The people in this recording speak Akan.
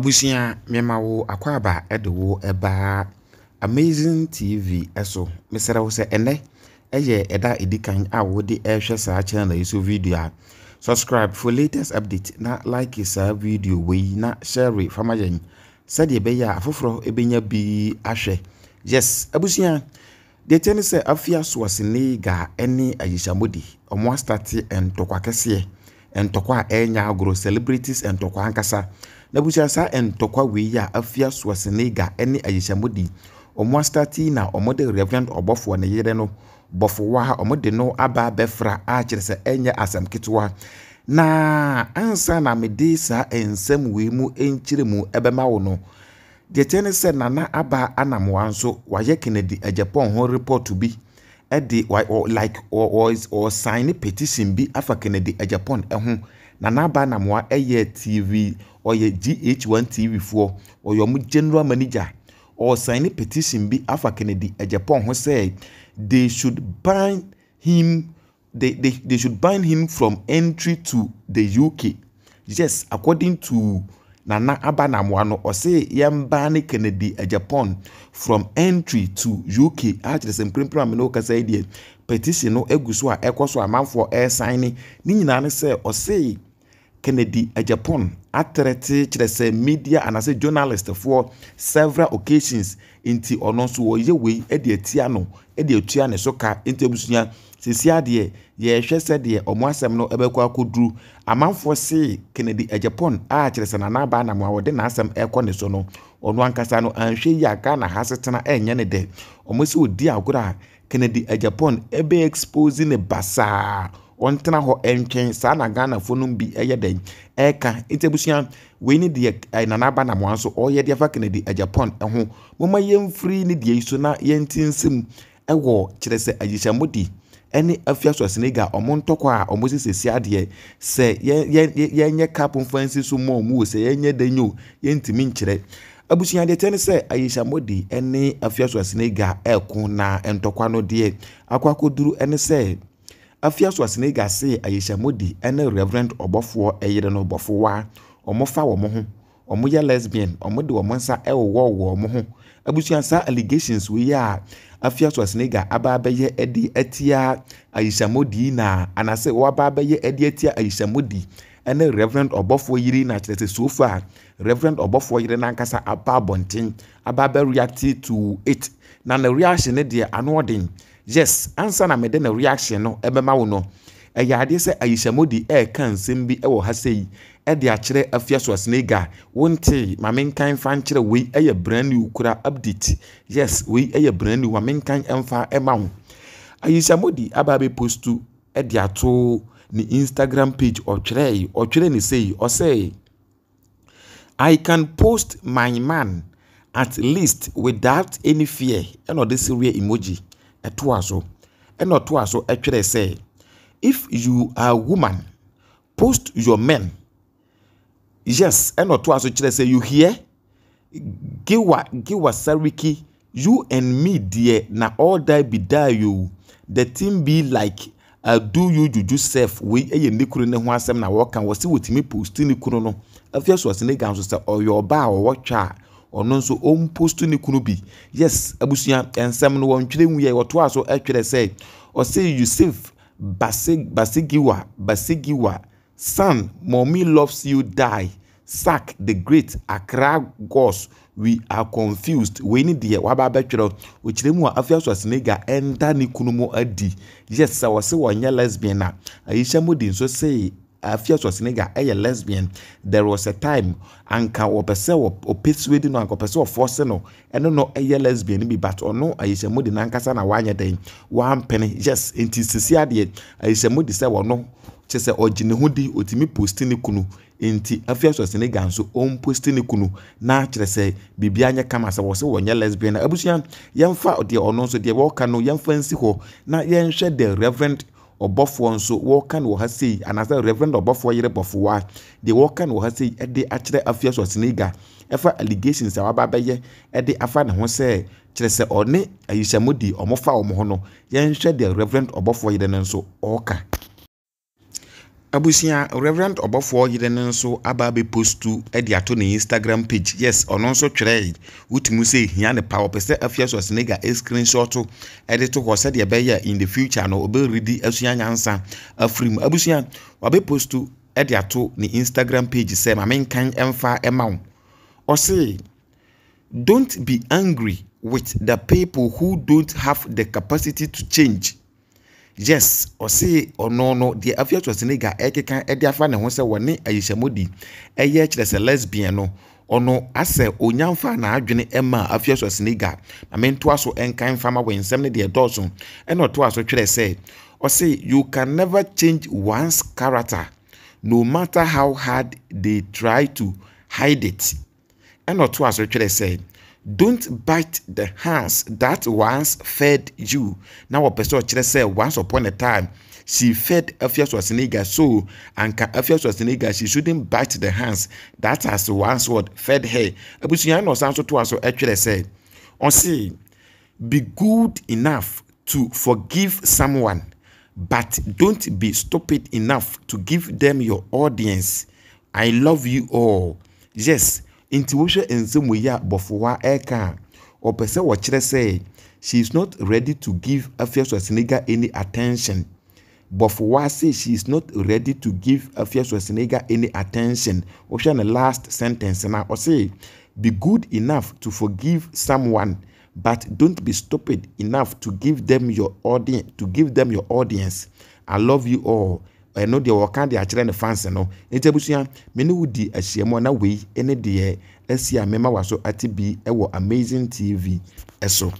abusua mmɛma wo akwaaba ɛde wo ɛbaa amazing tv ɛso mesrɛ wo sɛ ɛnɛ ɛyɛ ɛda ɛdi kan a wode ɛrehwɛ saa channel yi so video a subscribe for latest update na like saa video wei na share fama yɛn sɛdeɛ ɛbɛyɛ a afoforɔ ɛbɛnya bi ahwɛ yes abusua deɛ kyɛ ne sɛ afia soɔsene ga ɛne ayihyamodi ɔmo astate ntɔkwa kɛseɛ ntɔkwa a ɛnya agorɔ celebrities ntɔkwa ankasa na busua saa ntɔkwa wei a afia swasinaga ne ayehyɛmodi wɔn asitati na wɔde reverend ɔbɔfoɔ ne yere no bɔfowa a wɔde no aba abɛfra a kyerɛ sɛ ɛnyɛ asɛm ketewa na ansa na mede saa nsɛm wei mu nkyerɛ mu ɛbɛma wo no deɛ kyɛn ne sɛ nana aba anamoa nso wayɛ kennedy agyapɔn ho report bi de like ɔsan ne petition bi afa kennedy japan ho na n'aba namoa yɛ tv ɔyɛ gh1 tv foɔ ɔyɛ ɔmo general manager ɔsan ne petition bi afa kennedy japan ho sɛ they should ban him they, they, they should ban him from entry to the uk yes according to nana abana mmoa no ɔse yɛmbaa ne kennedy japan from entry to uk akyerɛ sɛ mprempren a mene wokasa yi deɛ petition no agu so a ɛkɔ so amanfoɔ ɛresan ne ne nyinaa ne sɛ ɔse kennedy japan atrɛte kyerɛ sɛ media journalist journalistfoɔ several occasions nti ɔno nso wɔyɛ wei de atia no de atua ne so ka nti abusua sisi adeɛ yɛrehwɛ sɛdeɛ ɔmo asɛm no ɛbɛkɔ akɔduru amanfoɔ se kennedy japan a kyerɛ sɛ nana aba anam a wɔde n'asɛm ɛkɔ ne so no ɔno ankasa no anhwɛ yi a ghana ha setena ɛnyɛ ne dɛ ɔmo si odi agorɔ a kennedy japan ɛbɛ expose ne basaa wɔntena hɔ ntwɛn saa na ghanafoɔ no bi yɛ dɛn ɛreka nti abusua wei ne deɛ nana aba namoa nso ɔyɛ deɛ afa kennedy japan ho moma yɛmfiri ne deɛ yi so na yɛnti nsɛm ɛwɔ kyerɛ sɛ agyihyɛmmɔdi ɛne afia so senegal ɔmo ntɔkɔ a ɔmo sisisi adeɛ sɛ yɛnyɛ kap mfansi so mu ɔmo wɔ sɛ yɛnyɛ danyo yɛntumi nkyerɛ abusua deɛ kyɛn sɛ agyihyɛmmɔdi ne afia so senegal ɛreko na ntɔkwa no deɛ akɔ akɔduru ne sɛ afia so asenega se ayehyɛmodi ne reverend ɔbɔfoɔ ɛyere no bɔfowa wɔfa wɔn ho wɔyɛ lesbian wɔde wɔn nsa ɛwowɔ wɔn ho abusuansa allegations wei a afia so asenega aba abɛyɛ ɛde atia ayehyɛmodi na anase wɔaba abɛyɛ ɛde atia ayehyɛmodi ɛne reverend ɔbɔfoɔ yiri na kyerɛ sɛ sofa a reverend ɔbɔfoɔ yiri nankasa aba abɔnten aba abɛ react to it na ne reaction ne deɛ ano yes ansa na mede na reaction no ɛbɛma wo no ɛyɛ adeɛ sɛ ayihyɛmodi ɛreka nsɛm bi ɛwɔ ha sɛ yi ɛde akyerɛ afia so asnega wonte maame nkan fa nkyerɛ wei ɛyɛ brand new kura update yes wei ɛyɛ brand new maame nkan ɛmfa ɛma wo ayihyɛmodi aba abɛpostu ɛde ato ne instagram page ɔtwerɛe ɔtwerɛ ne sɛ ɔsɛ i can post my man at least without any fear ɛna ɔde sereɛ emoji ɛtoa so ɛna ɔtoa so ɛtwerɛ sɛ if you are woman post your men yes ɛna ɔtoa so kyerɛ sɛ you hear giwa giwa sariki you and me deɛ na all that be that you the thing be like uh, do you juju sef wei ɛyɛ ne kunu ne ho asɛm na wɔka wɔ si wɔtumi post ne kunu no afei so ɔsi ne gan so sɛ ɔyɛ ɔbaa a ɔwɔ twa a ɔno nso ɔmposto ne kunu bi yes abusua nsɛm no wɔntwerɛ wu yɛ wɔtoa so twerɛ sɛ ɔsɛ yusuf basegiwa basegiwa son mommy loves you die sack the great accra gods we are confused wei ni deɛ waba abɛtwerɛ ɔkyerɛ mu a afei aso asenega ɛnda ne kunu mu adi yes sɛ wɔse wɔnyɛ lesbian a ayihyɛ mu de nso sei afiaso senegal ɛyɛ lesbian there was a time anka wɔpɛ sɛ wɔpɛ suwedi no anka wɔpɛ sɛ no ɛno no ɛyɛ lesbian bi but ɔno ayihyɛmu de nankasa na wanyɛ dɛn wampene yes nti sisi adeɛ ayihyɛmu de sɛ wɔno kyɛ sɛ ho di otumi posti ne kunu nti afiaso senegal nso ɔmposti ne kunu na kyerɛ sɛ biribi anyɛ kama sɛ wɔ wɔnyɛ lesbian na abusua yɛmfa deɛ ɔno nso deɛ wɔɔka no yɛmfa nsi hɔ na yɛnhwɛ the reverend ɔbɔfoɔ nso wɔreka no wɔ ha sei anaasɛ reverend ɔbɔfoɔ yere bɔfoɔ a deɛ wɔreka no wɔ ha sei de akyerɛ afia so ɔsenega ɛfa allegations a waba abɛyɛ de afa ne ho sɛ kyerɛ sɛ ɔne ayihyɛmu di ɔmofa wɔn ho no yɛnhwɛ deɛ reverend ɔbɔfoɔ yere no nso ɔreka abusua reverend ɔbɔfoɔ yere no nso aba abɛpostu de ato ne instagram page yes ɔno nso twerɛ wotumi sɛ hia ne pa ɔpɛ sɛ afia so senega screenshot de to hɔ sɛdeɛ ɛbɛyɛ in the future no ɔbɛredi asua nyansa afiri mu abusua wabɛpostu de ato ne instagram page sɛ maame nkan mfa ɛma wo ɔse don't be angry with the people who don't have the capacity to change yes ɔsi ɔno no deɛ afia twɛsiniga ɛkeka ɛde afa ne ho sɛ wɔne ayihyɛmodi ɛyɛ kyerɛ sɛ lesbian no ɔno asɛ onyanfa na adwene ɛma afia twɛsiniga maame ntoa so ɛnkan fama wɔ nsɛm ne deɛ dɔɔso ɛna ɔtoa so twerɛ sɛ ɔsi you can never change one's character no matter how hard they try to hide it ɛna ɔtoa so twerɛ sɛ don't bite the hands that once fed you na wɔpɛ sɛ ɔkyerɛ sɛ once upon a time she fed Afia Swasiniga so anka Afia Swasiniga she shouldn't bite the hands that has once what fed her abusua na ɔsan so to aso ɛtwerɛ sɛ ɔsi be good enough to forgive someone but don't be stupid enough to give them your audience i love you all yes nti wohwɛ nsɛm wɔ yi a bɔfowa ɛreka a ɔpɛ sɛ wɔkyerɛ sɛ she is not ready to give afia swasinega any attention bɔfowa say she is not ready to give afia swasinega any attention wohwɛ ne last sentence na ɔse be good enough to forgive someone but don't be stupid enough to give them your audience to give them your audience i love you all ɛno deɛ wɔka de akyerɛ ne fans no nti abusua me ne wodi ahyiamu na wei ne deɛ asi a mema wa so ate bi wɔ amazing tv so